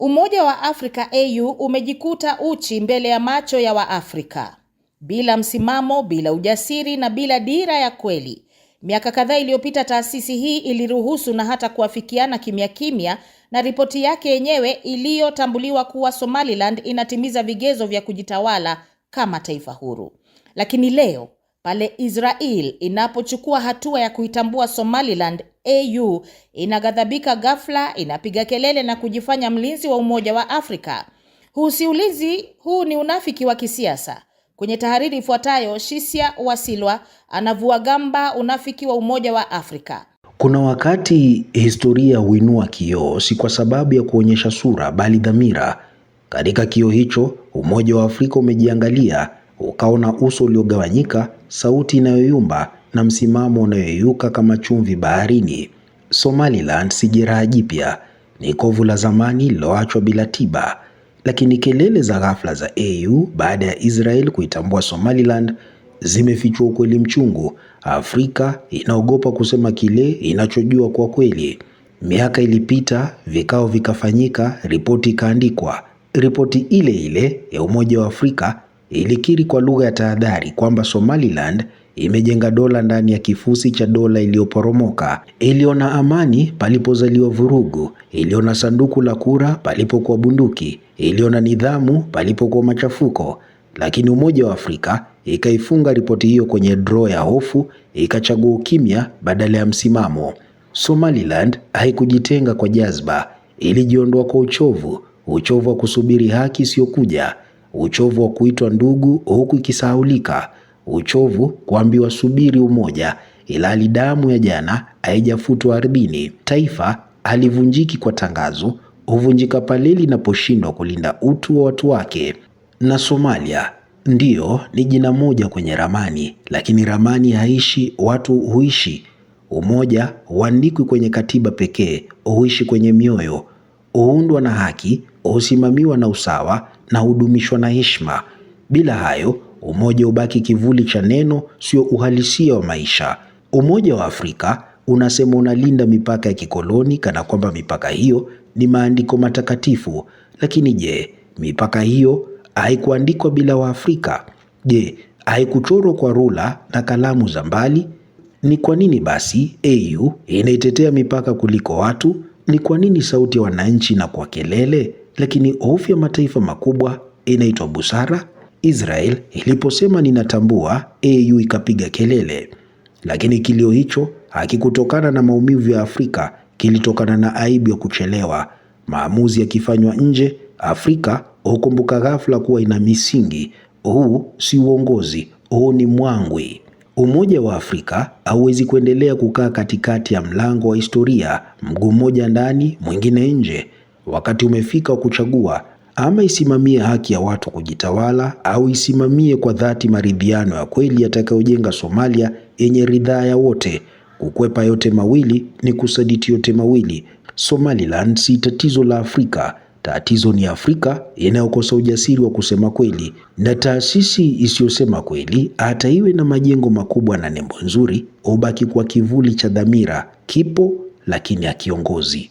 Umoja wa Afrika AU umejikuta uchi mbele ya macho ya Waafrika, bila msimamo, bila ujasiri na bila dira ya kweli. Miaka kadhaa iliyopita, taasisi hii iliruhusu na hata kuafikiana kimya kimya na ripoti yake yenyewe iliyotambuliwa kuwa Somaliland inatimiza vigezo vya kujitawala kama taifa huru. Lakini leo pale Israel inapochukua hatua ya kuitambua Somaliland, AU inaghadhabika ghafla, inapiga kelele na kujifanya mlinzi wa Umoja wa Afrika. Huu si ulinzi, huu ni unafiki wa kisiasa. Kwenye tahariri ifuatayo, Shisia Wasilwa anavua gamba unafiki wa Umoja wa Afrika. Kuna wakati historia huinua kioo, si kwa sababu ya kuonyesha sura, bali dhamira. Katika kioo hicho, Umoja wa Afrika umejiangalia, ukaona uso uliogawanyika sauti inayoyumba na msimamo unayoyuka kama chumvi baharini. Somaliland si jeraha jipya, ni kovu la zamani lililoachwa bila tiba. Lakini kelele za ghafla za AU baada ya Israel kuitambua Somaliland zimefichua ukweli mchungu. Afrika inaogopa kusema kile inachojua kwa kweli. Miaka ilipita, vikao vikafanyika, ripoti ikaandikwa, ripoti ile ile ya Umoja wa Afrika ilikiri kwa lugha ya tahadhari kwamba Somaliland imejenga dola ndani ya kifusi cha dola iliyoporomoka, iliona amani palipozaliwa vurugu, iliona sanduku la kura palipokuwa bunduki, iliona nidhamu palipokuwa machafuko. Lakini Umoja wa Afrika ikaifunga ripoti hiyo kwenye draw ya hofu, ikachagua ukimya badala ya msimamo. Somaliland haikujitenga kwa jazba, ilijiondoa kwa uchovu, uchovu wa kusubiri haki isiyokuja uchovu wa kuitwa ndugu huku ikisahaulika, uchovu kuambiwa subiri umoja, ilhali damu ya jana haijafutwa ardhini. Taifa halivunjiki kwa tangazo, huvunjika pale linaposhindwa kulinda utu wa watu wake. Na Somalia ndiyo ni jina moja kwenye ramani, lakini ramani haishi, watu huishi. Umoja huandikwi kwenye katiba pekee, huishi kwenye mioyo, huundwa na haki, husimamiwa na usawa na hudumishwa na heshima. Bila hayo, umoja hubaki kivuli cha neno, sio uhalisia wa maisha. Umoja wa Afrika unasema unalinda mipaka ya kikoloni kana kwamba mipaka hiyo ni maandiko matakatifu. Lakini je, mipaka hiyo haikuandikwa bila Waafrika? Je, haikuchorwa kwa rula na kalamu za mbali? Ni kwa nini basi AU inaitetea mipaka kuliko watu? Ni kwa nini sauti ya wananchi na kwa kelele? lakini hofu ya mataifa makubwa inaitwa busara. Israel iliposema ninatambua, AU ikapiga kelele, lakini kilio hicho hakikutokana na maumivu ya Afrika, kilitokana na aibu ya kuchelewa. Maamuzi yakifanywa nje, Afrika hukumbuka ghafla kuwa ina misingi. Huu si uongozi, huu ni mwangwi. Umoja wa Afrika hauwezi kuendelea kukaa katikati ya mlango wa historia, mguu mmoja ndani, mwingine nje. Wakati umefika wa kuchagua ama isimamie haki ya watu kujitawala au isimamie kwa dhati maridhiano ya kweli yatakayojenga Somalia yenye ridhaa ya wote. Kukwepa yote mawili ni kusaditi yote mawili. Somaliland si tatizo la Afrika. Tatizo ni Afrika inayokosa ujasiri wa kusema kweli, na taasisi isiyosema kweli, hata iwe na majengo makubwa na nembo nzuri, hubaki kwa kivuli cha dhamira. Kipo lakini akiongozi